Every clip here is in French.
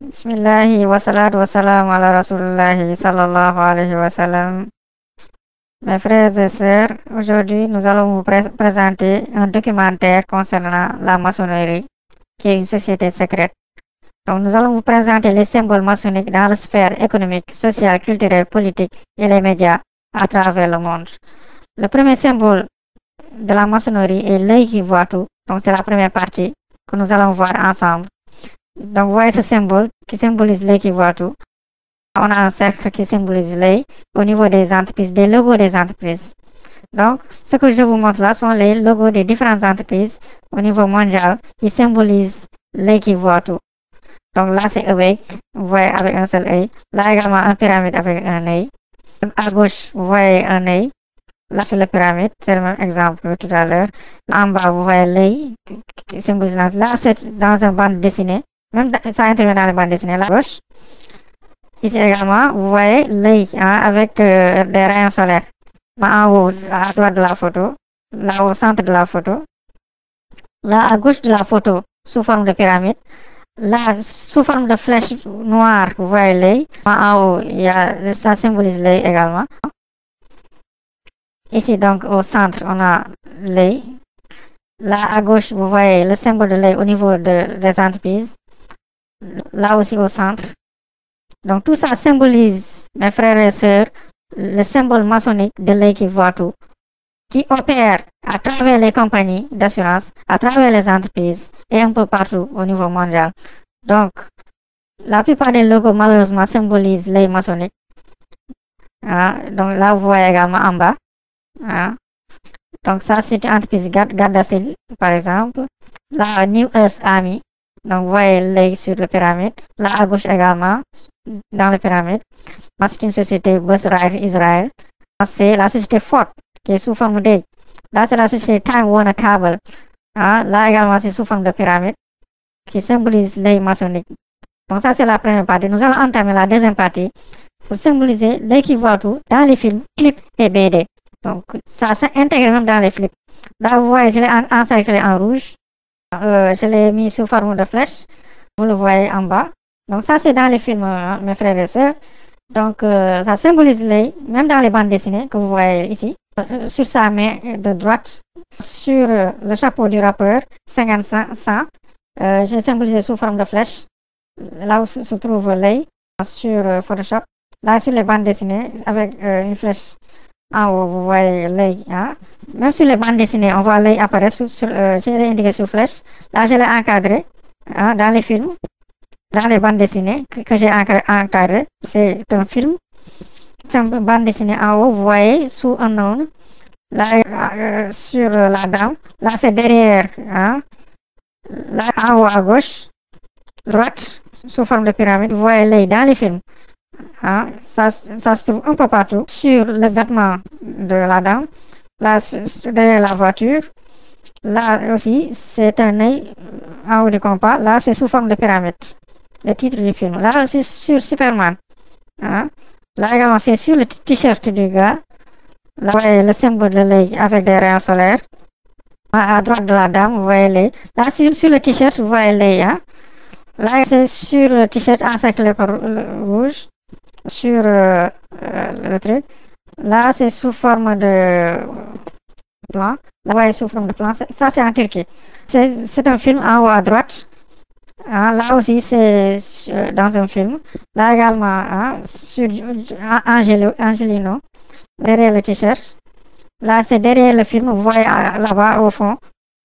Bismillahi wa salam ala alayhi wa salam. Mes frères et sœurs, aujourd'hui nous allons vous présenter un documentaire concernant la maçonnerie, qui est une société secrète. Donc nous allons vous présenter les symboles maçonniques dans la sphère économique, sociale, culturelle, politique et les médias à travers le monde. Le premier symbole de la maçonnerie est l'œil qui voit tout, donc c'est la première partie que nous allons voir ensemble. Donc ce symbole qui symbolise les qui voit tout. on a un cercle qui symbolise les au niveau des entreprises, des logos des entreprises. Donc, ce que je vous montre là sont les logos des différentes entreprises au niveau mondial qui symbolisent les qui voit tout. Donc là, c'est awake, vous voyez avec un seul œil. Là également, un pyramide avec un œil. À gauche, vous voyez un œil. Là, sur la pyramide, c'est le même exemple tout à l'heure. En bas, vous voyez l'œil qui symbolise Là, c'est dans un bande dessiné. Même scientifique indépendantiste à la gauche. Ici également, vous voyez l'œil hein, avec des euh, rayons solaires. En haut, à droite de la photo, là au centre de la photo, là à gauche de la photo, sous forme de pyramide, là sous forme de flèche noire, vous voyez l'œil. En haut, y a, ça symbolise l'œil également. Ici, donc, au centre, on a l'œil. Là, à gauche, vous voyez le symbole de l'œil au niveau des entreprises là aussi au centre. Donc tout ça symbolise, mes frères et sœurs, le symbole maçonnique de l'œil qui voit qui opère à travers les compagnies d'assurance, à travers les entreprises et un peu partout au niveau mondial. Donc, la plupart des logos malheureusement symbolisent l'œil maçonnique. Hein. donc là, vous voyez également en bas. Hein. Donc ça, c'est une entreprise Gardasil, par exemple. La New Earth Army, donc, vous voyez l'œil sur la pyramide. Là, à gauche également, dans la pyramide. c'est une société Bosrael Israël. C'est la société Ford, qui est sous forme d'œil. Là, c'est la société Time Warner Cable. Ah, là également, c'est sous forme de pyramide, qui symbolise l'œil maçonnique. Donc, ça, c'est la première partie. Nous allons entamer la deuxième partie pour symboliser l'œil qui voit tout dans les films, clips et BD. Donc, ça s'intègre même dans les clips. Là, vous voyez, je l'ai encerclé en rouge. Euh, je l'ai mis sous forme de flèche. Vous le voyez en bas. Donc ça, c'est dans les films, hein, mes frères et sœurs. Donc euh, ça symbolise l'œil, même dans les bandes dessinées que vous voyez ici. Euh, sur sa main de droite, sur le chapeau du rappeur, 5500, j'ai symbolisé sous forme de flèche. Là où se trouve l'œil, sur Photoshop. Là, sur les bandes dessinées, avec une flèche ah vous voyez ah. même sur les bandes dessinées on voit l'œil apparaître sur sur euh, indiqué sur flèche là je l'ai encadré ah, dans les films dans les bandes dessinées que, j'ai encadré c'est un film c'est une bande dessinée en haut vous voyez sous un nom, là euh, euh, sur la dame là c'est derrière hein. là en haut à gauche droite sous forme de pyramide vous voyez l'œil dans les films Hein? Ça, ça, se trouve un peu partout, sur les vêtements de la dame, là, derrière la voiture. Là aussi, c'est un œil en haut du compas. Là, c'est sous forme de pyramide. Le titre du film. Là aussi, sur Superman. Hein? Là également, c'est sur le t-shirt du gars. Là, vous voyez le symbole de l'œil avec des rayons solaires. À droite de la dame, vous voyez l'œil. Là, sur, sur le t-shirt, vous voyez l'œil. Hein? Là, c'est sur le t-shirt en sac rouge sur euh, euh, le truc. Là, c'est sous forme de plan. Là-bas, sous forme de plan. Ça, c'est en Turquie. C'est un film en haut à droite. Hein, là aussi, c'est dans un film. Là également, hein, sur Angelo, Angelino, derrière le t-shirt. Là, c'est derrière le film. Vous voyez euh, là-bas au fond.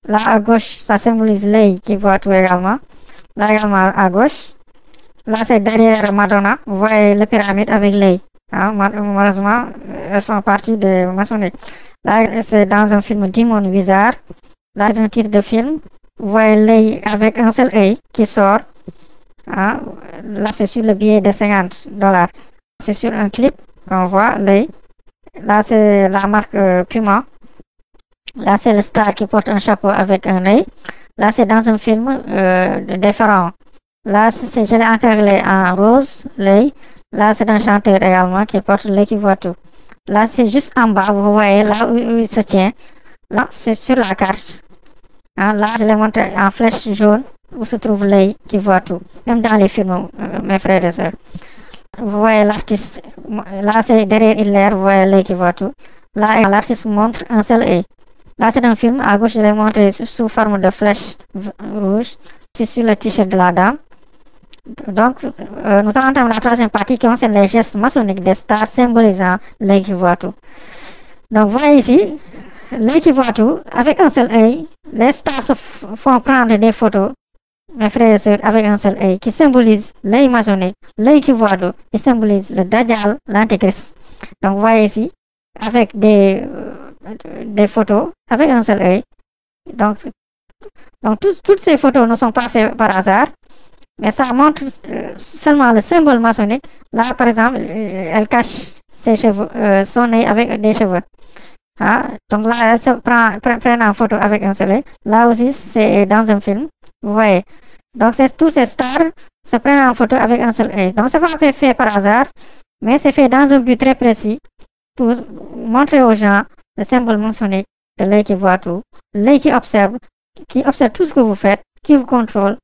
Là à gauche, ça symbolise l'œil qui voit tout également. Là également à gauche. Là, c'est derrière Madonna. Vous voyez les pyramides avec l'œil. Ah, hein, malheureusement, elles font partie des maçonnerie. Là, c'est dans un film Demon Wizard. Là, c'est un titre de film. Vous voyez l'œil avec un seul œil qui sort. Ah, là, c'est sur le billet de 50 dollars. C'est sur un clip qu'on voit l'œil. Là, c'est la marque euh, Puma. Là, c'est le star qui porte un chapeau avec un œil. Là, c'est dans un film euh, différent. Là, c'est je l'ai en rose. l'œil. Là, c'est un chanteur également qui porte l'œil qui voit tout. Là, c'est juste en bas, vous voyez là où, il se tient. Là, c'est sur la carte. Hein, là, je l'ai montré en flèche jaune où se trouve l'œil qui voit tout, même dans les films, euh, mes frères et sœurs. Vous voyez l'artiste, là c'est derrière Hitler, vous voyez l'œil qui voit tout. Là, l'artiste montre un seul œil. Là, c'est un film, à gauche, je l'ai montré sous forme de flèche rouge. C'est sur le t-shirt de la dame. Donc, euh, nous allons entamons la troisième partie qui concerne les gestes maçonniques des stars symbolisant tout. Donc, voyez ici, tout, avec un seul œil, les stars se font prendre des photos, mes frères et sœurs, avec un seul œil, qui symbolise l'œil maçonnique, l'œil qui symbolise le Dajjal, l'Antéchrist. Donc, voyez ici, avec des, euh, des photos, avec un seul œil. Donc, donc toutes ces photos ne sont pas faites par hasard mais ça montre euh, seulement le symbole maçonnique. Là, par exemple, euh, elle cache ses cheveux, euh, son nez avec des cheveux. Ah, donc là, elle se prend, en photo avec un soleil. Là aussi, c'est dans un film. Vous voyez. Donc, tous ces stars se prennent en photo avec un soleil. Donc, c'est pas fait, fait par hasard, mais c'est fait dans un but très précis pour montrer aux gens le symbole maçonnique de l'œil qui voit tout, l'œil qui observe, qui observe tout ce que vous faites, qui vous contrôle,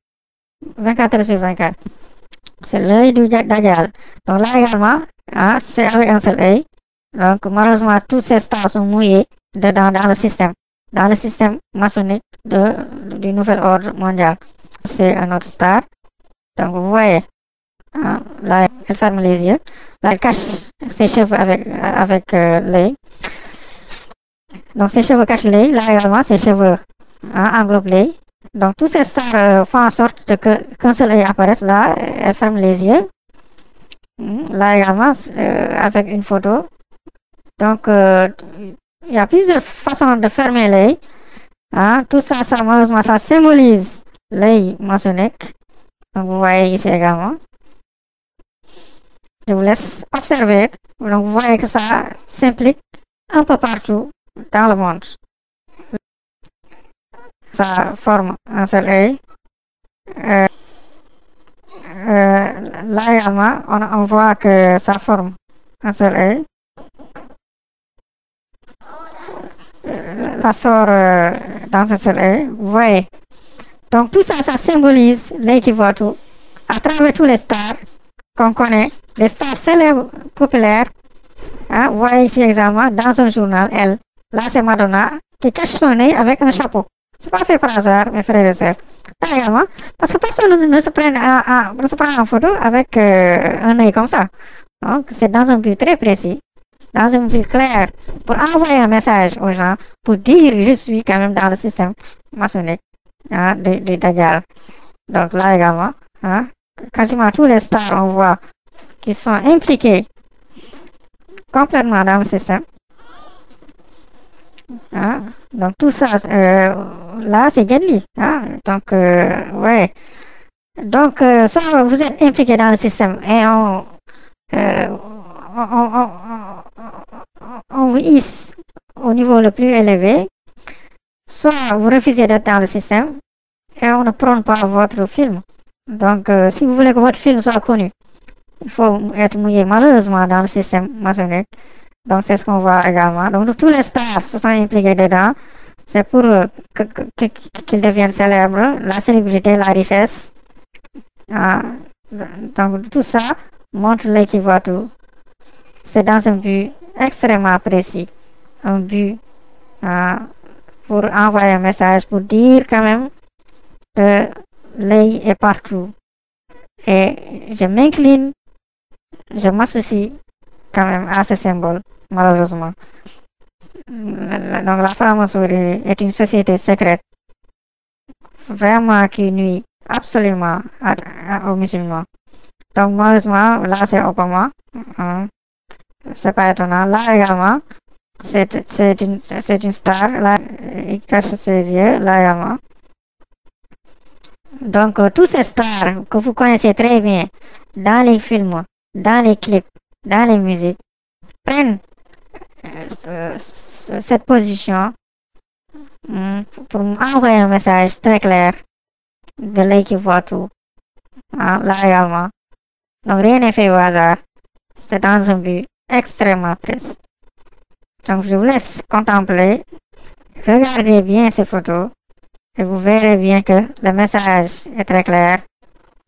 24 sur 24. C'est l'œil du Dajjal. Donc là également, ah, c'est avec un seul œil. Donc malheureusement, tous ces stars sont mouillés dans le système, dans le système maçonnique du nouvel ordre mondial. C'est un autre star. Donc vous voyez, ah, là, elle ferme les yeux. Là, elle cache ses cheveux avec, euh, l'œil. Donc ses cheveux cachent l'œil. Là également, ses cheveux ah, englobent l'œil. Donc, tous ces euh, stars font en sorte que quand cela apparaît là, elle ferme les yeux. Hmm. Là également, euh, avec une photo. Donc, euh, il y a plusieurs façons de fermer l'œil. Hein. Tout ça, ça, malheureusement, ça symbolise l'œil maçonnique. Donc, vous voyez ici également. Je vous laisse observer. Donc, vous voyez que ça s'implique un peu partout dans le monde sa forme un seul là également, on, voit que sa forme un seul La sort eh, dans un seul vous voyez. Donc tout ça, ça symbolise l'équivalent. À travers tous les stars qu'on connaît, les stars célèbres, populaires, vous hein, voyez ici exactement dans un journal, elle. Là, c'est Madonna qui cache son nez avec un chapeau. C'est pas fait par hasard, mes frères et sœurs. Là également, parce que personne ne, se, prend en photo avec un œil comme ça. Donc, c'est dans un but très précis, dans un but clair, pour envoyer un message aux gens, pour dire je suis quand même dans le système maçonnique hein, du, Donc, là également, quasiment tous les stars, on voit, qui sont impliqués complètement dans le système. Donc tout ça, euh, là, c'est Jenny. Hein. Donc, euh, ouais. Donc, euh, ça, vous êtes impliqué dans le système et on, vous hisse au niveau le plus élevé. Soit vous refusez d'être dans le système et on ne prône pas votre film. Donc, si vous voulez que votre film soit connu, il faut être mouillé malheureusement dans le système maçonnique. Donc, c'est ce qu'on voit également. Donc, tous les stars se sont impliqués dedans. C'est pour euh, qu'ils deviennent célèbres, la célébrité, la richesse. Ah, donc, tout ça montre tout. C'est dans un but extrêmement précis, un but ah, pour envoyer un message, pour dire quand même que l'œil est partout. Et je m'incline, je m'associe quand même à ce symbole malheureusement. Donc la femme est une société secrète vraiment qui nuit absolument à, aux musulmans. Donc malheureusement, là c'est Obama. Hein. C'est pas étonnant. Là également, c'est une, star. Là, il cache ses yeux. Là également. Donc euh, tous ces stars que vous connaissez très bien dans les films, dans les clips, dans les musiques, prennent euh, cette position hmm, pour envoyer un message très clair de l'œil qui voit tout. Hein, là également. Donc rien n'est fait au hasard. C'est dans un but extrêmement précis. Donc je vous laisse contempler. Regardez bien ces photos et vous verrez bien que le message est très clair.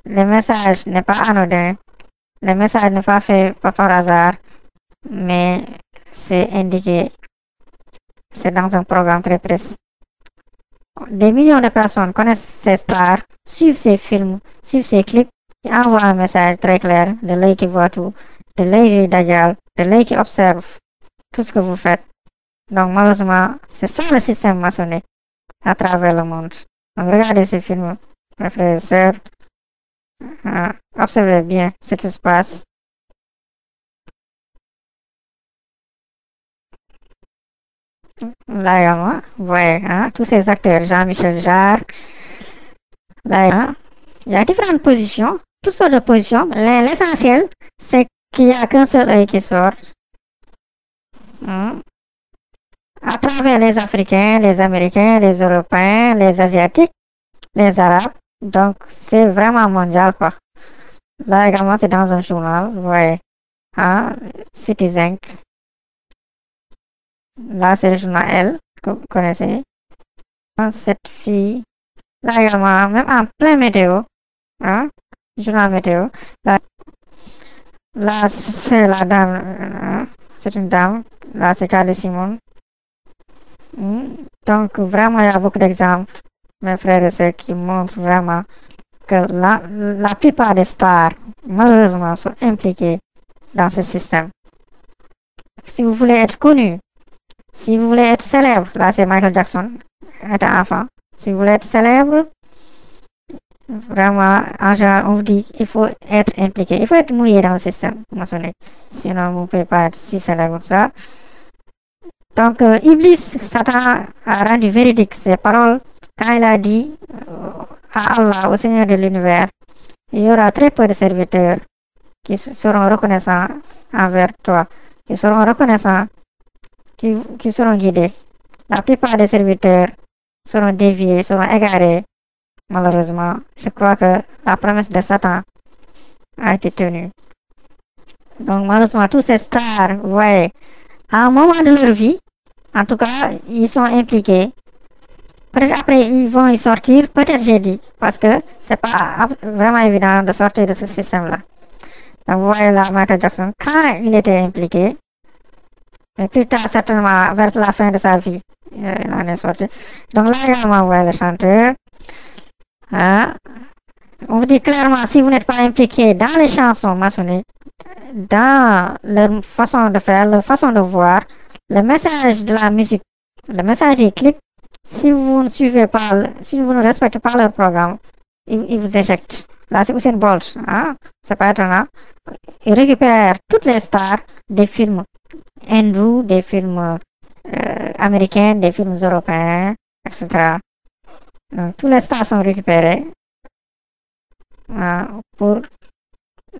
Le message n'est pas anodin. Le message n'est pas fait par hasard. Mais c'est indiqué, c'est dans un programme très précis. Des millions de personnes connaissent ces stars, suivent ces films, suivent ces clips et envoient un message très clair de l'œil qui voit tout, de l'œil de l'œil qui observe tout ce que vous faites. Donc malheureusement, c'est ça le système maçonnique à travers le monde. Donc regardez ces films, mes frères et sœurs. Ah, observez bien ce qui se passe Là hein, ouais, hein, tous ces acteurs, Jean-Michel Jarre. également, hein, il y a différentes positions, toutes sortes de positions. L'essentiel, c'est qu'il n'y a qu'un seul œil qui sort. Hmm. À travers les Africains, les Américains, les Européens, les Asiatiques, les Arabes. Donc, c'est vraiment mondial, quoi. Là également, c'est dans un journal, ouais. Hein, Citizen la le journal elle, que vous connaissez. Cette fille, là également, même en plein météo, hein, journal météo, là, c'est la dame, hein, c'est une dame, là c'est Carly Simon. Hmm, donc vraiment, il y a beaucoup d'exemples, mes frères et sœurs, qui montrent vraiment que la, la plupart des stars, malheureusement, sont impliquées dans ce système. Si vous voulez être connu, si vous voulez être célèbre, là c'est Michael Jackson, était enfant. Si vous voulez être célèbre, vraiment, en général, on vous dit qu'il faut être impliqué. Il faut être mouillé dans le système Sinon, vous ne pouvez pas être si célèbre que ça. Donc, euh, Iblis, Satan a rendu véridique ses paroles quand il a dit euh, à Allah, au Seigneur de l'univers, il y aura très peu de serviteurs qui seront reconnaissants envers toi, qui seront reconnaissants qui, qui seront guidés. La plupart des serviteurs seront déviés, seront égarés. E. Malheureusement, je crois que la promesse de Satan a été tenue. Donc malheureusement, tous ces stars, ouais, à un moment de leur vie, en tout cas, ils sont impliqués. peut après, ils vont y sortir, peut-être j'ai dit, parce que c'est pas vraiment évident de sortir de ce système-là. Donc voilà, Michael Jackson, quand il était impliqué, plus tard, certainement, vers la fin de sa vie, euh, il en est sorti. Donc là également, vous voyez le chanteur. Hein? On vous dit clairement, si vous n'êtes pas impliqué dans les chansons maçonniques, dans leur façon de faire, leur façon de voir, le message de la musique, le message des clips, si vous ne suivez pas, si vous ne respectez pas leur programme, ils, vous éjectent. Là, c'est une Bolt, hein? c'est pas étonnant. Ils récupèrent toutes les stars des films hindous, des films euh, américains, des films européens, etc. tous les stars sont récupérés euh, pour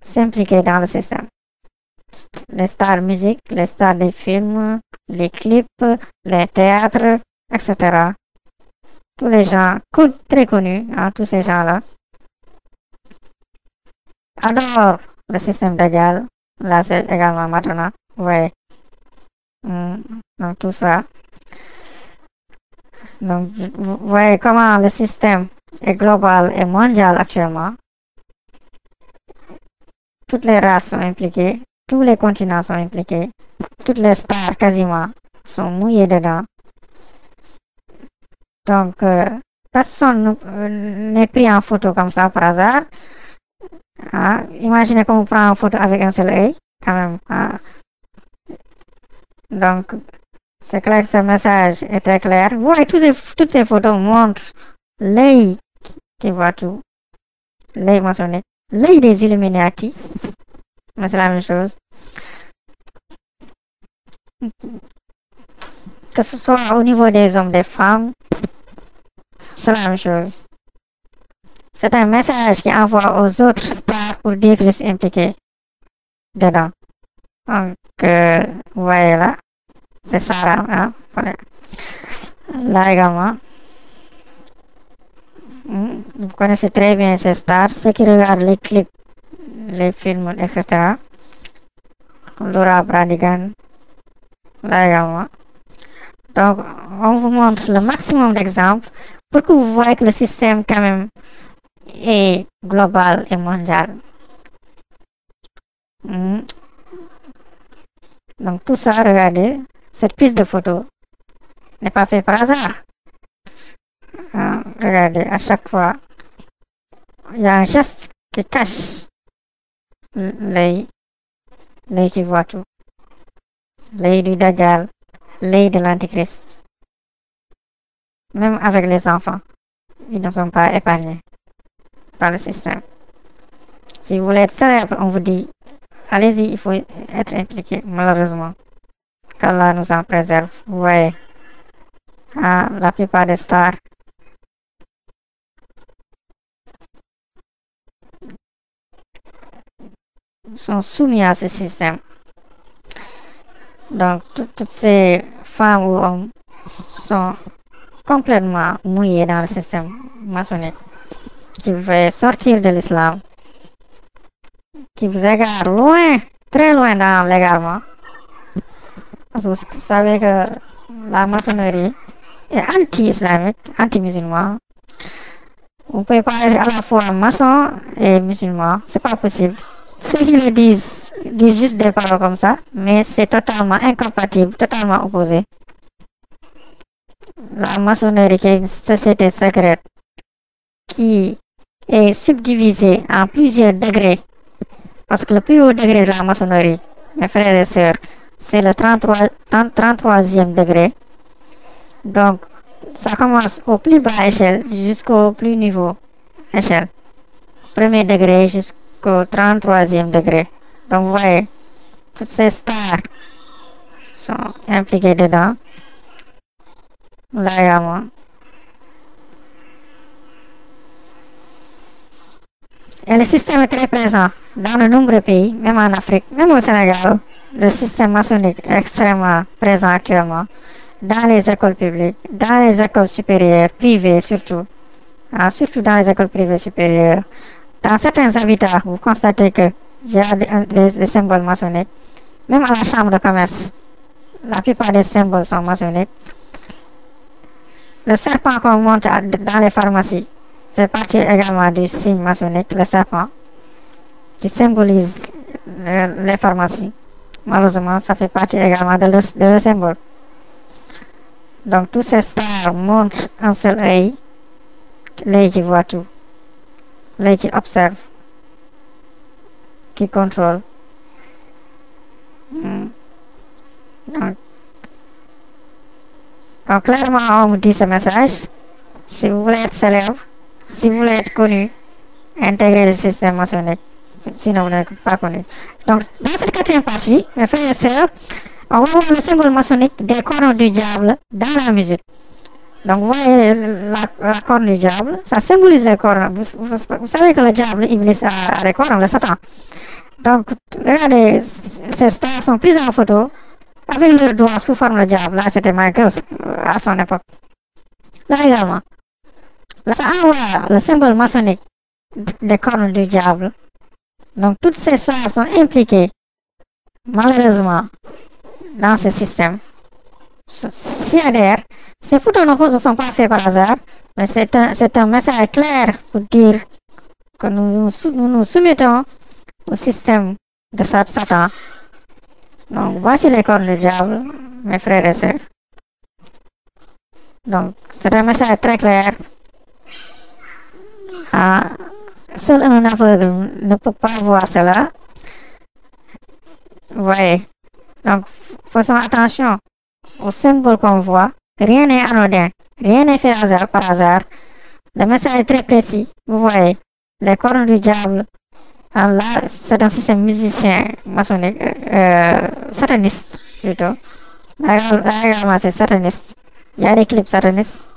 s'impliquer dans le système. Les stars musique, les stars des films, les clips, les théâtres, etc. Tous les gens cool, très connus, hein, tous ces gens-là, adorent le système d'Agal. Là, c'est également Madonna. Ouais. Mm, donc tout ça. Donc, vous voyez comment le système est global et mondial actuellement. Toutes les races sont impliquées, tous les continents sont impliqués, toutes les stars quasiment sont mouillées dedans. Donc, euh, personne euh, n'est pris en photo comme ça par hasard. Ah, imaginez qu'on prend en photo avec un seul œil, quand même. Ah, donc, c'est clair que ce message est très clair. Oui, toutes ces, toutes ces photos montrent l'œil qui voit tout, l'œil mentionné, l'œil des Illuminati, mais c'est la même chose. Que ce soit au niveau des hommes, des femmes, c'est la même chose. C'est un message qui envoie aux autres stars pour dire que je suis impliqué dedans. Donc, voyez là C'est ça là. Hein? Là également. Vous connaissez très bien ces stars, ceux qui regardent les clips, les films, etc. Laura Bradigan, là également. Donc, on vous montre le maximum d'exemples pour que vous voyez que le système quand même est global et mondial. Mm. Donc tout ça, regardez, cette piste de photo n'est pas faite par hasard. Ah, regardez, à chaque fois, il y a un geste qui cache l'œil, l'œil qui voit tout, l'œil du Dajjal, l'œil de l'Antichrist. Même avec les enfants, ils ne sont pas épargnés par le système. Si vous voulez être célèbre, on vous dit Allez-y, il faut être impliqué, malheureusement. Allah nous en préserve. Vous ah, la plupart des stars sont soumis à ce système. Donc, toutes ces femmes ou hommes sont complètement mouillées dans le système maçonnique qui veut sortir de l'islam qui vous égare loin, très loin dans l'égarement. vous savez que la maçonnerie est anti-islamique, anti-musulman. Vous pouvez pas être à la fois maçon et musulman, c'est pas possible. Ceux qui le disent, disent juste des paroles comme ça, mais c'est totalement incompatible, totalement opposé. La maçonnerie qui est une société secrète qui est subdivisée en plusieurs degrés parce que le plus haut degré de la maçonnerie, mes frères et sœurs, c'est le 33, e degré. Donc, ça commence au plus bas échelle jusqu'au plus niveau échelle. Premier degré jusqu'au 33e degré. Donc, vous voyez, toutes ces stars sont impliquées dedans. Là moi. Et le système est très présent dans de nombreux pays, même en Afrique, même au Sénégal. Le système maçonnique est extrêmement présent actuellement dans les écoles publiques, dans les écoles supérieures, privées surtout, ah, surtout dans les écoles privées supérieures. Dans certains habitats, vous constatez qu'il y a des, des symboles maçonniques, même à la chambre de commerce. La plupart des symboles sont maçonniques. Le serpent qu'on monte dans les pharmacies, fait partie également du signe maçonnique, le serpent, qui symbolise euh, les pharmacies. Malheureusement, ça fait partie également de le, symbole. Donc, tous ces stars montrent un seul œil, l'œil qui voit tout, l'œil qui observe, qui contrôle. Hmm. Donc, clairement, on vous dit ce message. Si vous voulez être célèbre, si vous voulez être connu, intégrez le système maçonnique. Sinon, vous n'êtes pas connu. Donc, dans cette quatrième partie, mes frères et sœurs, on va le symbole maçonnique des cornes du diable dans la musique. Donc, vous voyez la, corne du diable, ça symbolise les cornes. Vous, savez que le diable, à à les cornes, le Satan. Donc, regardez, ces stars sont prises en photo avec leurs doigts sous forme de diable. Là, c'était Michael euh, à son époque. Là également. La Sahara, ah, le symbole maçonnique des cornes du diable. Donc toutes ces sœurs sont impliquées, malheureusement, dans ce système. Si adhère, ces photos ne sont pas faites par hasard, mais c'est un, un, message clair pour dire que nous nous, nous soumettons au système de Satan. Donc voici les cornes du diable, mes frères et sœurs. Donc c'est un message très clair ah, seul un aveugle ne peut pas voir cela. Voyez. Donc, faisons attention aux symboles qu'on voit. Rien n'est anodin. Rien n'est fait hasard, par hasard. Le message est très précis. Vous voyez. Les cornes du diable. Alors ah, là, c'est un système musicien maçonnique, euh, euh sataniste plutôt. Là, là c'est sataniste. Il y a des clips satanistes.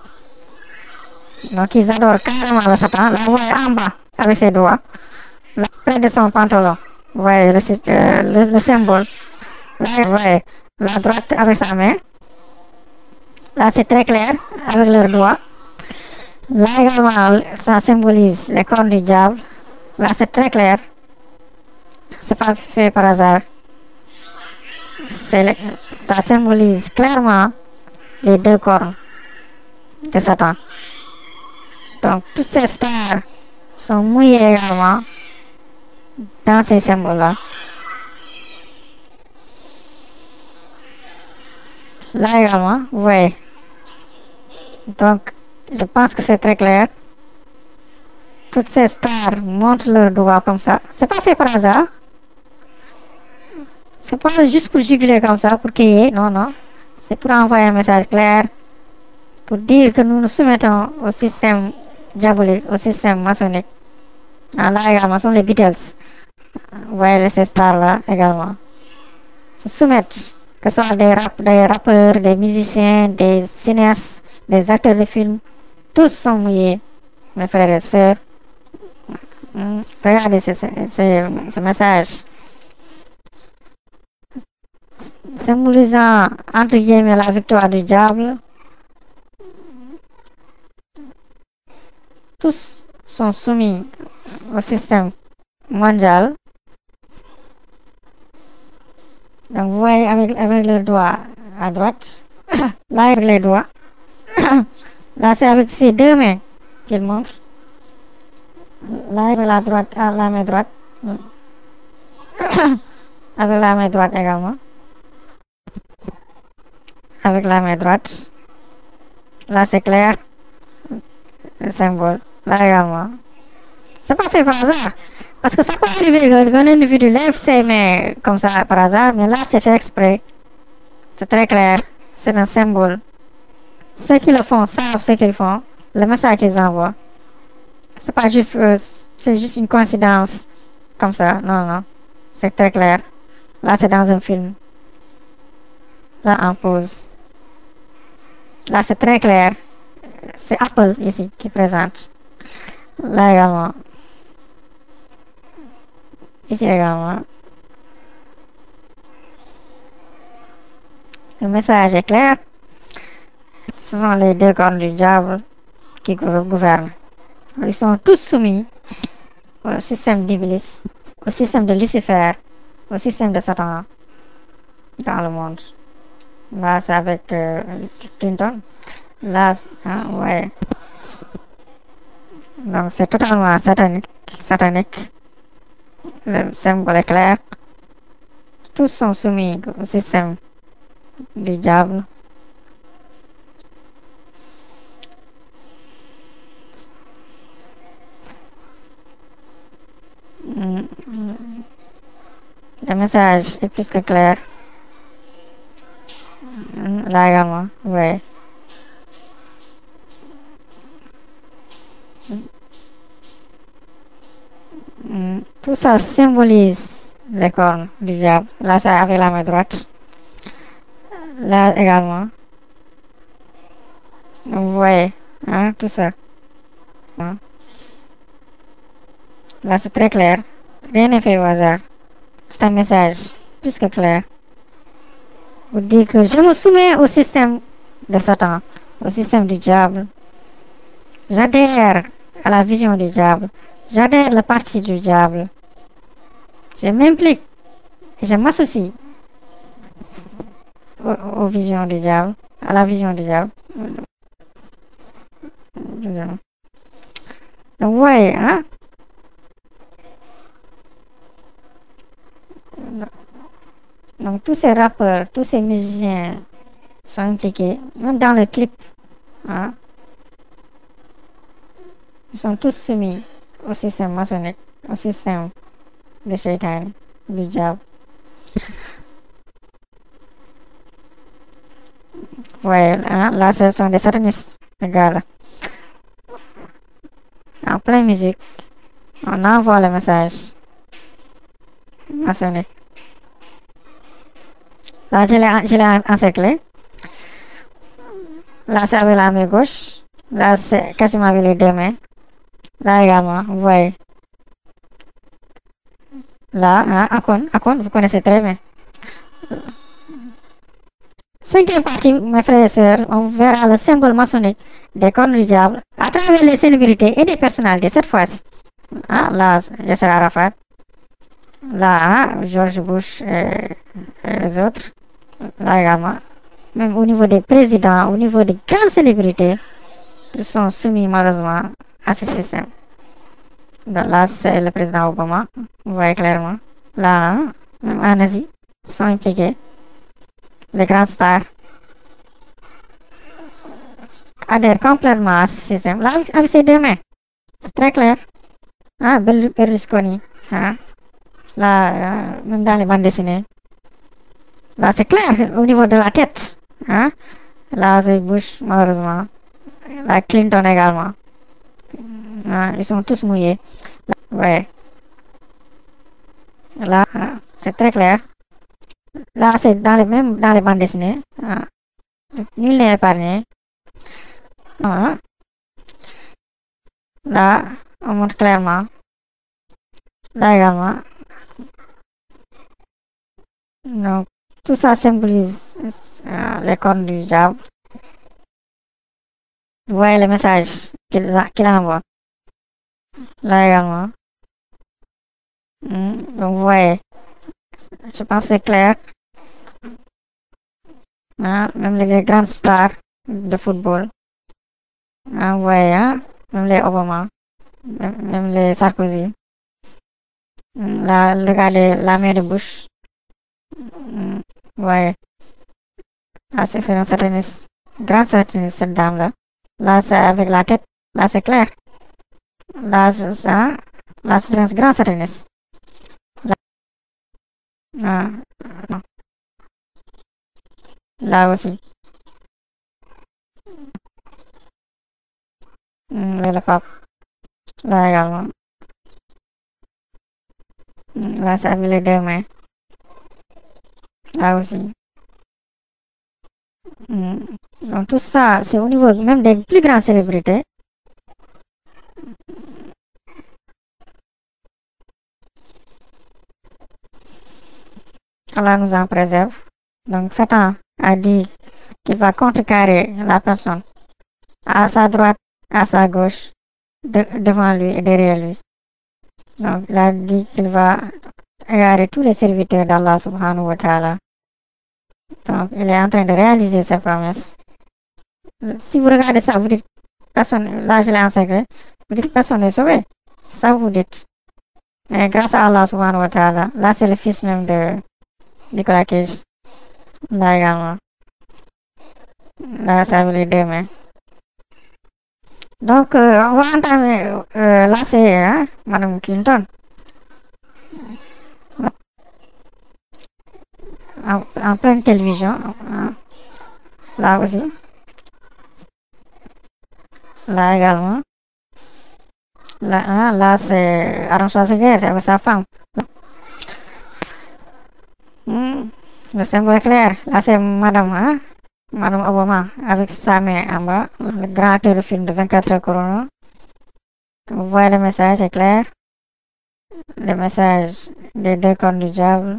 Donc ils adorent carrément le Satan. La voyez en bas avec ses doigts, près de son pantalon. Vous voyez euh, le, symbole. Là, vous voyez la droite avec sa main. Là, c'est très clair avec leurs doigts. Là également, ça symbolise les cornes du diable. Là, c'est très clair. C'est pas fait par hasard. ça symbolise clairement les deux cornes de Satan. Donc, toutes ces stars sont mouillées également dans ces symboles-là. Là également, vous Donc, je pense que c'est très clair. Toutes ces stars montrent leurs doigts comme ça. C'est pas fait par hasard. C'est pas juste pour juguler comme ça, pour ait, non, non. C'est pour envoyer un message clair, pour dire que nous nous soumettons au système diabolique au système maçonnique. Ah, là également sont les Beatles. Vous voyez ces stars-là également. Se soumettre, que ce soit des, des rappeurs, des musiciens, des cinéastes, des acteurs de films, tous sont mouillés, mes frères et sœurs. Regardez ce, ce, ce, ce message. Symbolisant, entre guillemets, la victoire du diable, tous sont soumis au système mondial. Donc vous voyez avec, les doigts à droite, là avec les doigts, là c'est avec ces deux mains qu'il montre, là avec la, droite, à la main droite, avec la main droite également, avec la main droite, là c'est clair, le symbole regarde moi. C'est pas fait par hasard. Parce que ça peut arriver qu'on vue du c'est comme ça par hasard, mais là c'est fait exprès. C'est très clair. C'est un symbole. Ceux qui le font savent ce qu'ils font. Le message qu'ils envoient. C'est pas juste, euh, c'est juste une coïncidence. Comme ça, non, non. C'est très clair. Là c'est dans un film. Là en pause. Là c'est très clair. C'est Apple ici qui présente. Là également, ici également, Le message est clair. Ce sont les deux cornes du diable qui gouvernent. Ils sont tous soumis au système d'Iblis, au système de Lucifer, au système de Satan dans le monde. Là, c'est avec euh, Clinton. Là, hein, ouais. Donc c'est totalement satanique, satanique. Le symbole est clair. Tous sont soumis au système du diable. Mm. Le message est plus que clair. Mm, Là également, oui. Tout ça symbolise les cornes du diable. Là, ça avec la main droite. Là également. Vous voyez, hein, tout ça. Hein. Là, c'est très clair. Rien n'est fait au hasard. C'est un message plus que clair. Vous dites que je me soumets au système de Satan, au système du diable. J'adhère à la vision du diable. J'adhère la partie du diable. Je m'implique et je m'associe aux, visions du diable, à la vision du diable. Donc, vous voyez, hein? Donc, tous ces rappeurs, tous ces musiciens sont impliqués, même dans les clip. Hein? Ils sont tous soumis au système maçonnique, au système de shaitan, du diable. voyez, ah, là, là ce sont des satanistes, Regarde. gars là. En pleine musique, on envoie le message maçonnique. Là, je l'ai encerclé. Là, c'est avec la main gauche. Là, c'est quasiment avec les deux mains. Là également, hein, vous voyez. Là, Akon, hein, Akon, vous connaissez très bien. Cinquième partie, mes frères et sœurs, on verra le symbole maçonnique des cornes du diable à travers les célébrités et des personnalités cette fois-ci. Ah, là, Yasser Arafat. Là, hein, George Bush et, et les autres. Là également. Même au niveau des présidents, au niveau des grandes célébrités, ils sont soumis malheureusement assassin. Ah, système. là, c'est le président Obama. Vous voyez clairement. Là, même un nazi sont impliqués. Les grands stars adhèrent complètement à ce système. Là, avec ses deux mains. C'est très clair. Ah, Berlusconi. Hein? Là, euh, même dans les bandes dessinées. Là, c'est clair au niveau de la tête. Hein? Là, c'est Bush, malheureusement. La Clinton également ils sont tous mouillés. Ouais. Là, ah, c'est très clair. Là, c'est dans les mêmes dans les bandes dessinées. Ah. Donc, Nul n'est épargné. Ah. Là, on montre clairement. Là également. Donc, tout ça symbolise euh, les cornes du diable. Vous voyez le message qu'il envoie. Là également. Hmm, vous Je pense que c'est clair. Ah, même les grandes stars de football. Ah, hein. même les Obama, même, les Sarkozy. Hmm, là, regardez la main de Bush. Hmm, ouais. Là, ah, c'est une certaine, grande certaine, cette dame Là, là c'est avec la tête. Là, c'est clair. las, o sea, las, las grasas la, no, no. la UCI mm, la pop la galma la sabile de me la UCI Hmm. Non tu sa se univo mem de pli gran celebrity. Allah nous en préserve. Donc Satan a dit qu'il va contrecarrer la personne à sa droite, à sa gauche, devant lui et derrière lui. Donc il a dit qu'il va égarer tous les serviteurs d'Allah subhanahu wa ta'ala. Donc il est en train de réaliser sa promesse. Si vous regardez ça, vous dites, personne, là je l'ai enseigné, vous dites personne n'est sauvé. Ça vous dites. Mais grâce à Allah subhanahu wa ta'ala, là c'est le fils même de, de Krakis. Da, gama. Da, sa vili de me. Dok, avan ta me lase, ha? Manum Clinton. En pleine télévision. Là aussi. Là également. Là, là c'est Aaron Schwarzenegger, c'est sa femme. Hmm. symbole est clair, là c'est Madame, Madame ah, Obama, avec sa main en bas, le grand tour du film de 24 heures Vous voyez le message, est clair. Le message des deux cornes du diable.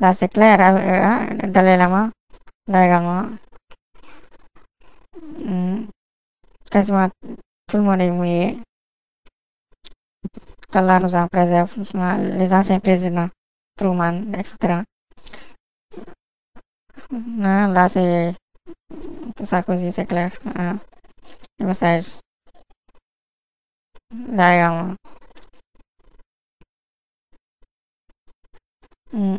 Là, c'est clair, hein? dans l'élément. Là également. Quasiment tout le monde est mouillé. Qu'Allah nous en préserve, les anciens présidents, Truman, etc non ah, là, c'est Sarkozy, c'est clair. Ah. Le message. a un. Mm.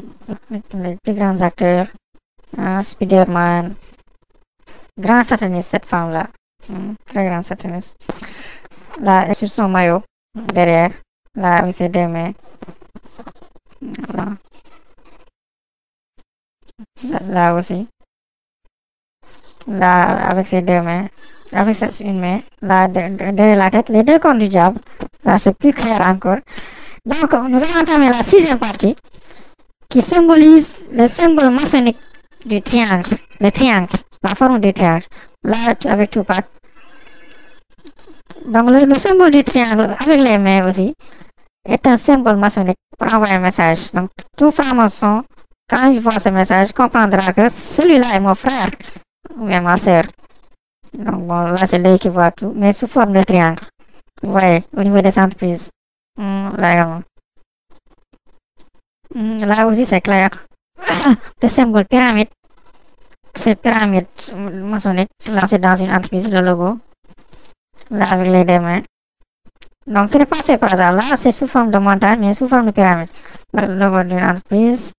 Les plus grands acteurs. Spiderman ah, Spider-Man. Grand sataniste, cette femme-là. Mm, très grand sataniste. Là, elle est sur son maillot. Derrière. Là, y ses deux mains là aussi. Là, avec ses deux mains. Avec une main. Là, derrière la tête. Les deux comptes du diable. Là, c'est plus clair encore. Donc, nous allons entamer la sixième partie qui symbolise le symbole maçonnique du triangle. Le triangle. La forme du triangle. Là, avec tout Donc, le, symbole du triangle avec les mains aussi est un symbole maçonnique pour envoyer un message. Donc, tout franc-maçon quand il voit ce message, comprendra que celui-là est mon frère ou bien ma sœur. Donc bon, là c'est lui qui voit tout, mais sous forme de triangle. Vous voyez, au niveau des entreprises. Hmm, là, euh, hmm, là aussi c'est clair. le symbole pyramide, c'est pyramide maçonnique. Là dans une entreprise, le logo. Là avec les deux mains. Donc ce n'est pas fait par hasard. Là c'est sous forme de montagne, mais sous forme de pyramide. Le logo d'une entreprise.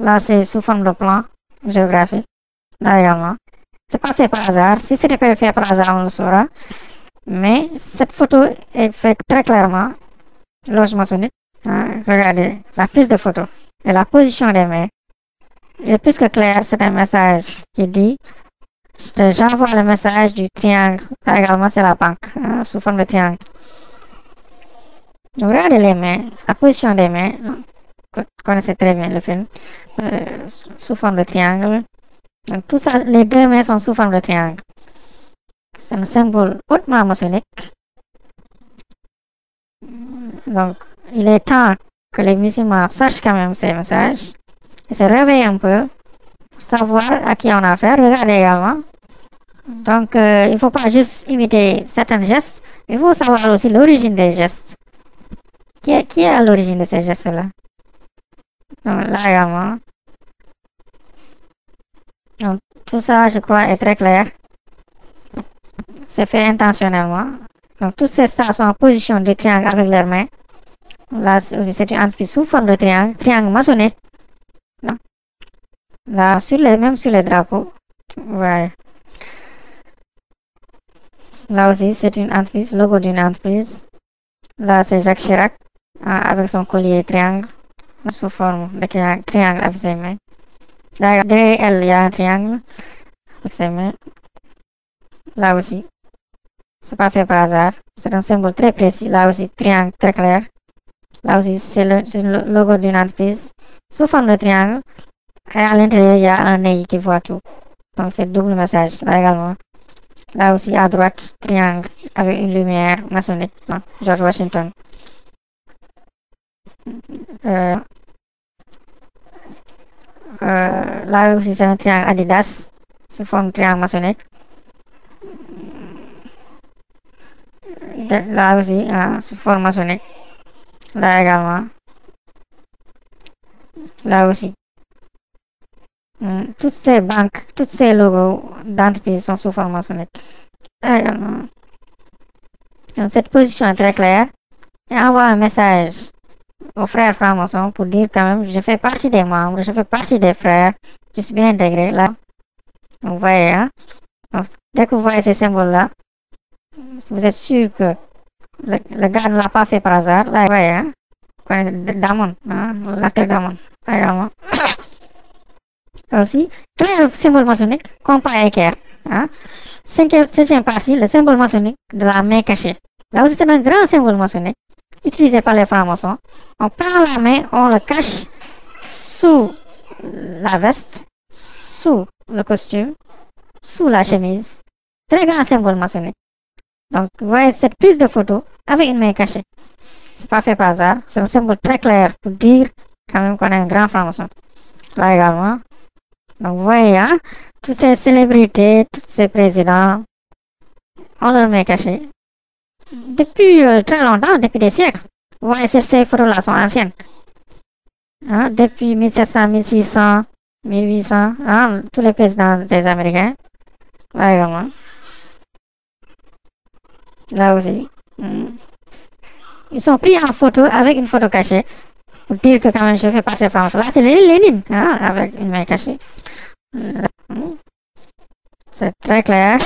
Là, c'est sous forme de plan géographique. D'ailleurs, c'est pas fait par hasard. Si c'était pas fait par hasard, on le saura. Mais cette photo est faite très clairement. Logement sonique. Hein. regardez la prise de photo et la position des mains. Et plus que clair, c'est un message qui dit J'envoie le message du triangle. Là également, c'est la banque, hein, sous forme de triangle. Regardez les mains, la position des mains connaissez très bien le film, uh, sous forme de triangle. Donc tout ça, les deux mains sont sous forme de triangle. C'est un symbole hautement maçonnique. Donc, il est temps que les musulmans sachent quand même ces messages et se réveillent un peu pour savoir à qui on a affaire. Regardez également. Donc, euh, il ne faut pas juste imiter certains gestes, il faut savoir aussi l'origine des gestes. Qui est, qui est à l'origine de ces gestes-là donc, Là également. Donc, tout ça, je crois, est très clair. C'est fait intentionnellement. Donc, tous ces stars sont en position de triangle avec leurs mains. Là, c'est une entreprise sous forme de triangle, triangle maçonnique. Là, sur les, même sur les drapeaux. Ouais. Là aussi, c'est une entreprise, logo d'une entreprise. Là, c'est Jacques Chirac, hein, avec son collier triangle sous forme de triangle avec ses mains. là il y a un triangle avec ses mains. Là aussi. C'est pas fait par hasard. C'est un symbole très précis. Là aussi, triangle très clair. Là aussi, c'est le, logo d'une entreprise. Sous forme de triangle. Et à l'intérieur, il y a un œil qui voit tout. Donc, c'est double message. Là également. Là aussi, à droite, triangle avec une lumière maçonnique. George Washington. Euh, euh, là aussi c'est un triangle Adidas sous forme triangle maçonnique là aussi sous hein, forme maçonnique là également là aussi hmm, toutes ces banques tous ces logos d'entreprise sont sous forme maçonnique là également donc cette position est très claire et envoie un message aux frère francs-maçons pour dire quand même, je fais partie des membres, je fais partie des frères, je suis bien intégré là. Vous voyez, hein? dès que vous voyez ces symboles-là, vous êtes sûr que le, gars ne l'a pas fait par hasard. Là, vous voyez, hein? Damon, hein? l'acteur Damon, également. Aussi, quel est le symbole maçonnique Compas et équerre. Hein? Cinquième, partie, le symbole maçonnique de la main cachée. Là aussi, c'est un grand symbole maçonnique utilisé par les francs-maçons. On prend la main, on le cache sous la veste, sous le costume, sous la chemise. Très grand symbole mentionné. Donc, vous voyez cette prise de photo avec une main cachée. C'est pas fait par hasard. C'est un symbole très clair pour dire quand même qu'on est un grand franc-maçon. Là également. Donc, vous voyez, tous hein, toutes ces célébrités, tous ces présidents, on leur met caché depuis euh, très longtemps, depuis des siècles. Vous voyez, ces photos-là sont anciennes. Hein, depuis 1700, 1600, 1800, tous les présidents des Américains. Là également. Là aussi. Hmm. Ils sont pris en photo avec une photo cachée. Pour dire que quand même je fais partie de France. Là, c'est Lénine, hein, avec une main cachée. Hmm. C'est très clair.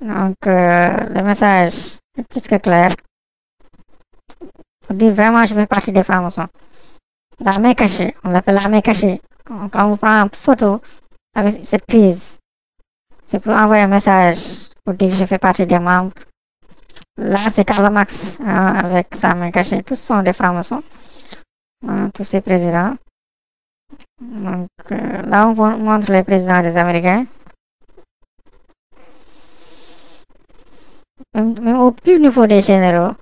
Donc, euh, le message est plus que clair. On dit vraiment, je fais partie des francs-maçons. La cachée, on l'appelle la main cachée. quand on prend une photo avec cette prise, c'est pour envoyer un message pour dire que je fais partie des membres. Là, c'est Karl Marx hein, avec sa main cachée. Tous sont des francs-maçons, hein, tous ces présidents. Donc, euh, là, on montre les présidents des Américains. Même euh, euh, au plus niveau des généraux,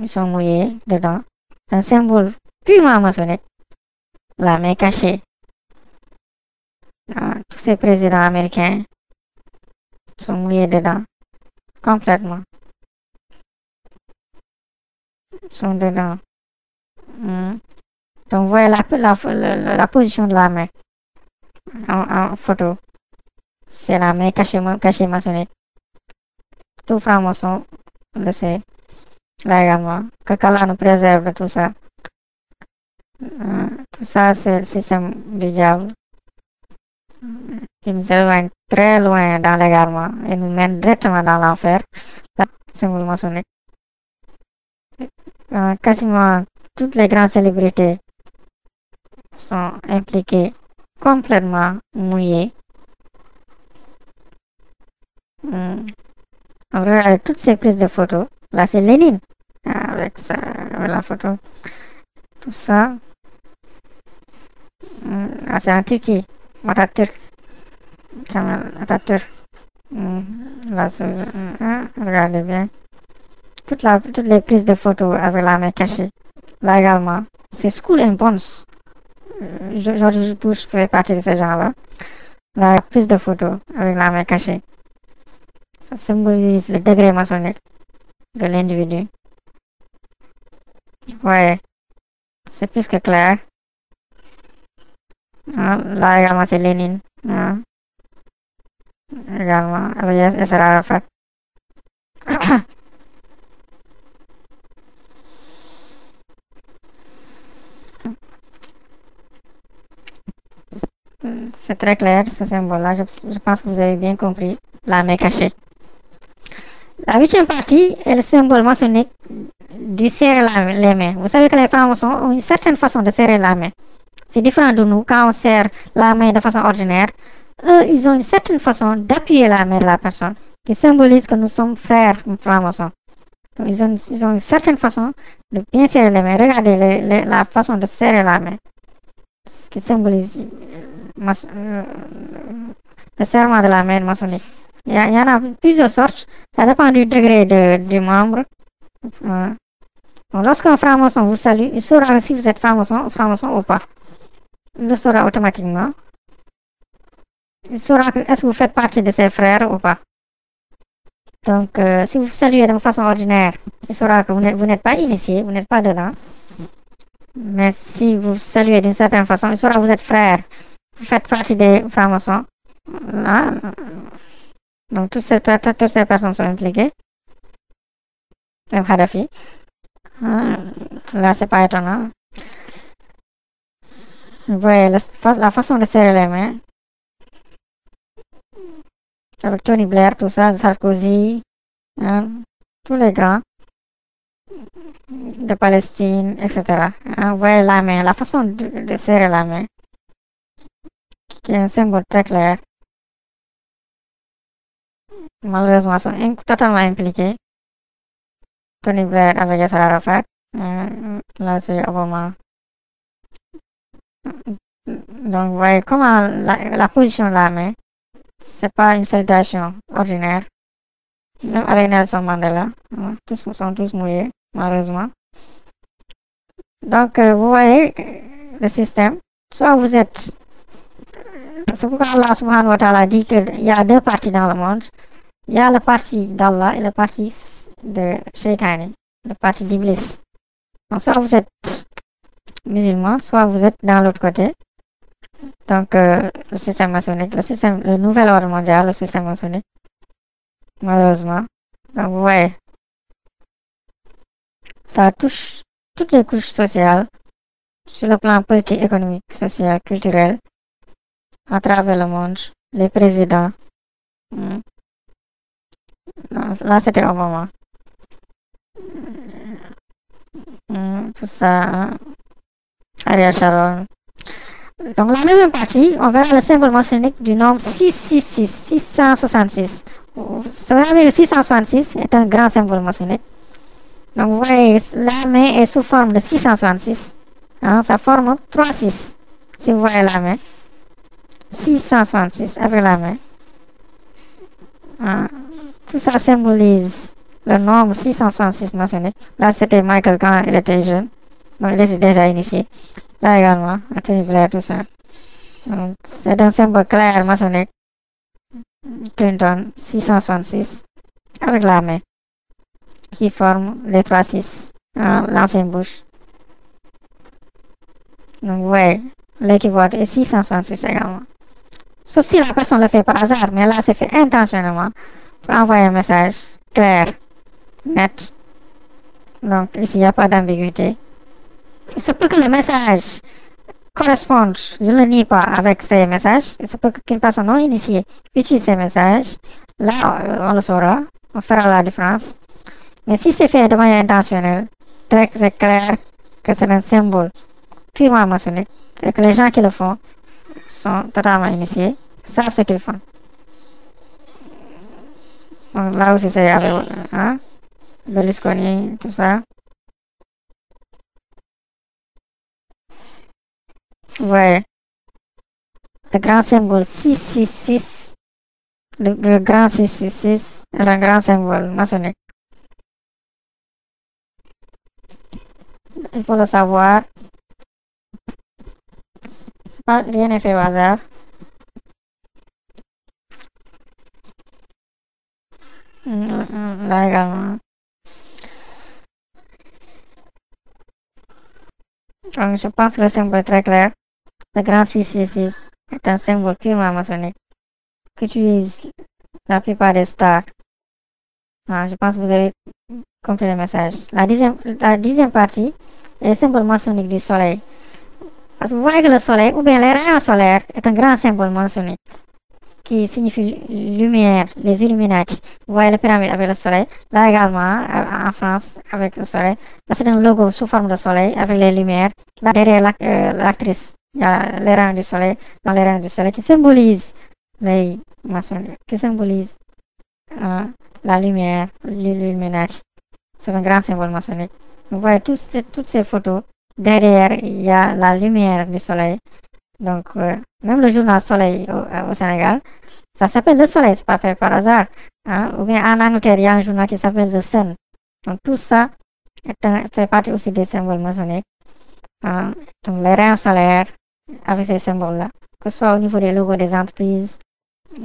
ils sont mouillés dedans. C'est un symbole purement maçonnique, la main cachée. Ah, tous ces présidents américains sont mouillés dedans, complètement. Ils sont dedans. Hmm. Donc, Donc, voyez la, position de la main en, photo. C'est la main cachée, cachée maçonnique tout franc-maçon, le sait, que Kala nous préserve tout ça. tout ça, c'est le système du diable qui nous éloigne très loin dans l'égarement et nous mène directement dans l'enfer, le symbole maçonnique. quasiment toutes les grandes célébrités sont impliquées, complètement mouillées. Mm. Regardez toutes ces prises de photos. Là, bah, c'est Lénine avec, la photo. Tout ça. là c'est un Turquie. Matatürk. Kemal Atatürk. Là, regardez bien. toutes les prises de photos avec la main cachée. Là également. C'est School and euh, je George Bush fait partie de ces gens-là. La prise de photo avec la main cachée. Ça symbolise le degré maçonnique de l'individu. Ouais, c'est plus que clair. là également c'est Lénine. Ah. Également, avec à fait. c'est très clair ce symbole-là. Je, pense que vous avez bien compris la mais cachée. La huitième partie est le symbole maçonnique du serrer la, les mains. Vous savez que les francs ont une certaine façon de serrer la main. C'est différent de nous quand on serre la main de façon ordinaire. Eux, ils ont une certaine façon d'appuyer la main de la personne qui symbolise que nous sommes frères francs-maçons. Ils ont, une certaine façon de bien serrer les mains. Regardez la façon de serrer la main. Ce qui symbolise euh, euh, le serrement de la main maçonnique. Il y, en a plusieurs sortes. Ça dépend du degré de, du membre. Euh, lorsqu'un franc-maçon vous salue, il saura si vous êtes franc-maçon ou pas. Il le saura automatiquement. Il saura est-ce que vous faites partie de ses frères ou pas. Donc, euh, si vous saluez de façon ordinaire, il saura que vous n'êtes pas initié, vous n'êtes pas dedans. Mais si vous saluez d'une certaine façon, il saura que vous êtes frère, vous faites partie des francs-maçons. Donc toutes ces, personnes sont impliquées. Même Hadafi. Ah, là, c'est pas étonnant. Vous voyez la, façon de serrer les mains. Avec Tony Blair, tout ça, Sarkozy, hein, tous les grands de Palestine, etc. Hein, vous voyez la main, la façon de, de serrer la main, qui est un symbole très clair malheureusement sont totalement impliqués. Tony Blair avec Yasser Arafat. là, c'est Obama. Donc, vous voyez comment la, position de l'armée, c'est pas une situation ordinaire. Même avec Nelson Mandela, hein, tous sont tous mouillés, malheureusement. Donc, euh, vous voyez euh, le système. Soit vous êtes. Euh, c'est pourquoi Allah subhanahu wa ta'ala dit qu'il y a deux parties dans le monde. Il y a la partie d'Allah et le parti de Shaitan, le parti d'Iblis. Soit vous êtes musulman, soit vous êtes dans l'autre côté. Donc, euh, le système maçonnique, le, système, le nouvel ordre mondial, le système maçonnique, malheureusement. Donc, vous voyez, ça touche toutes les couches sociales, sur le plan politique, économique, social, culturel, à travers le monde, les présidents. Hmm, là, c'était au moment mm, mm, tout ça. Hein. Allez, à Sharon. Donc, la deuxième partie, on verra le symbole motionnique du nombre 666, 666. Vous savez, le 666 est un grand symbole masonnique Donc, vous voyez, la main est sous forme de 666. Hein, ça forme 3.6. 6 Si vous voyez la main. 666 avec la main. Hein tout ça symbolise le nombre 666 mentionné. Là, c'était Michael quand il était jeune. Donc, il était déjà initié. Là également, un tribulaire tout ça. C'est un symbole clair maçonnique. Clinton 666 avec la main qui forme les 3 6 l'ancienne bouche. Donc vous voyez, l'équivoque est 666 également. Sauf si la personne le fait par hasard, mais là c'est fait intentionnellement envoyer un message clair, net. Donc ici, il n'y a pas d'ambiguïté. Il se peut que le message corresponde, je ne le nie pas, avec ces messages. Il se peut qu'une personne non initiée utilise ces messages. Là, on le saura, on fera la différence. Mais si c'est fait de manière intentionnelle, c'est clair que c'est un symbole purement maçonnique et que les gens qui le font sont totalement initiés, savent ce qu'ils font. Non, là aussi, c'est hein Berlusconi, tout ça. Ouais. Le grand symbole 666. Le, le grand 666 est The grand symbole maçonnique. Il faut le savoir. Pas, rien n'est fait au hasard. Là mm-hmm. également. je pense que le symbole est très clair. Le grand 666 est un symbole purement maçonnique qu'utilise la plupart des stars. Ah, je pense que vous avez compris le message. La dixième, la dixième partie est le symbole maçonnique du soleil. Parce que vous voyez que le soleil, ou bien les rayons solaires, est un grand symbole maçonnique qui signifie lumière, les Illuminati. Vous voyez la pyramide avec le soleil. Là également, euh, en France, avec le soleil. Là, c'est un logo sous forme de soleil avec les lumières. Là, derrière euh, l'actrice, il y a les rangs du soleil, dans les rangs du soleil, qui symbolise les qui symbolise hein, la lumière, l'Illuminati. C'est un grand symbole maçonnique. Vous voyez toutes toutes ces photos. Derrière, il y a la lumière du soleil donc, euh, même le journal Soleil euh, au, Sénégal, ça s'appelle Le Soleil, c'est pas fait par hasard. Hein. Ou bien en Angleterre, il y a un journal qui s'appelle The Sun. Donc, tout ça fait partie aussi des symboles maçonniques. Hein. Donc, les rayons solaires avec ces symboles-là, que ce soit au niveau des logos des entreprises,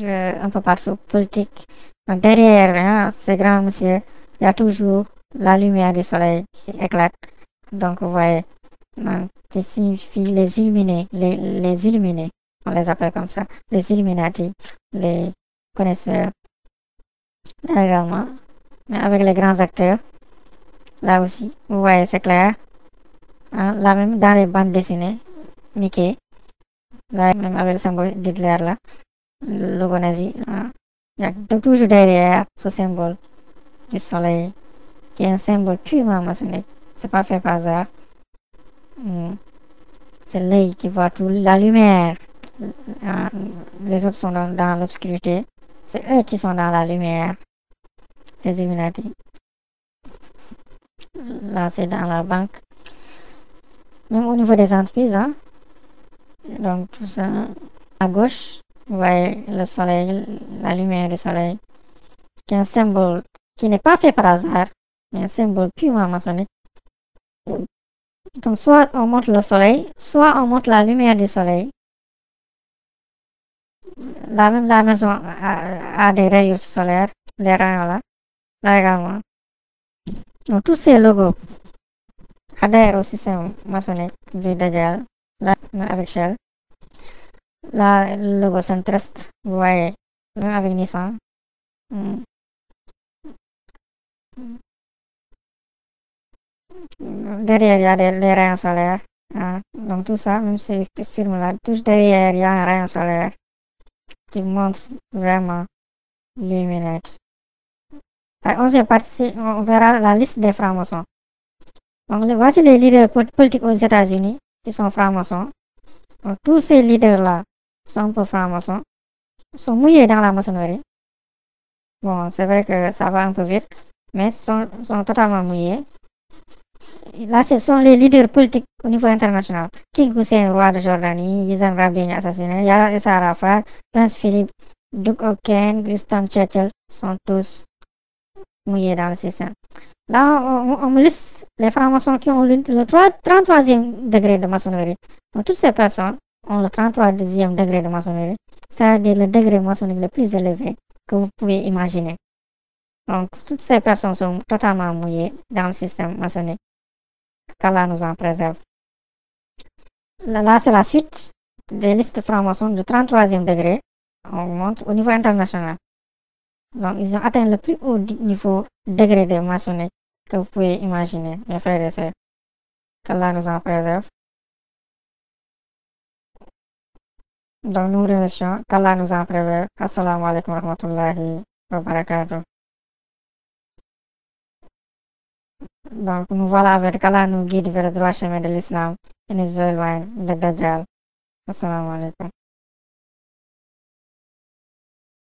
euh, un peu partout, politique. Donc, derrière hein, ces grands monsieur, il y a toujours la lumière du soleil qui éclate. Donc, vous voyez, qui signifie les illuminés, les, les illuminés, on les appelle comme ça, les illuminati, les connaisseurs également, mais avec les grands acteurs, là aussi, vous voyez, c'est clair. Hein, là même dans les bandes dessinées, Mickey, là même avec le symbole d'Hitler là, le hein. il y a toujours derrière ce symbole du soleil, qui est un symbole purement maçonnique, c'est pas fait par hasard. C'est l'œil qui voit tout, la lumière. Ah, les autres sont dans, l'obscurité. C'est eux qui sont dans la lumière. Les Illuminati. Là, c'est dans la banque. Même au niveau des entreprises, hein. Donc, tout ça. À gauche, vous voyez le soleil, la lumière du soleil, qui est un symbole qui n'est pas fait par hasard, mais un symbole purement maçonnique. Donc soit on monte le soleil, soit on monte la lumière du soleil. La même la maison a, des rayures solaires, les rayons là, là également. Donc tous ces logos adhèrent au système maçonnique du Dajjal, là, avec Shell. Là, le logo centriste, vous voyez, même avec Nissan. Hmm derrière, il y a des, rayons solaires. Hein. Donc tout ça, même si ce film-là, tout derrière, il y a un rayon solaire qui montre vraiment l'illuminati. On, parti, on verra la liste des francs-maçons. voici les leaders politiques aux États-Unis qui sont francs-maçons. tous ces leaders-là sont peu francs-maçons, sont mouillés dans la maçonnerie. Bon, c'est vrai que ça va un peu vite, mais sont, sont totalement mouillés là, ce sont les leaders politiques au niveau international. King Hussein, roi de Jordanie, Yizam Rabin assassiné, Yara Arafat, Prince Philippe, Duke O'Kane, Winston Churchill sont tous mouillés dans le système. Là, on, on liste les francs-maçons qui ont le, 33e degré de maçonnerie. toutes ces personnes ont le 33e degré de maçonnerie, c'est-à-dire le degré maçonnique le plus élevé que vous pouvez imaginer. Donc, toutes ces personnes sont totalement mouillées dans le système maçonnique qu'Allah nous en préserve. Là, c'est la suite des listes francs-maçons du 33e degré. On monte au niveau international. Donc, ils ont atteint le plus haut niveau degré de maçonnerie que vous pouvez imaginer, mes frères et sœurs. Qu'Allah nous en préserve. Donc, nous remercions. Qu'Allah nous en préserve. Assalamu alaikum wa rahmatullahi wa barakatuh. Donc nous voilà avec Allah nous guide vers le droit chemin de l'islam et nous éloigne de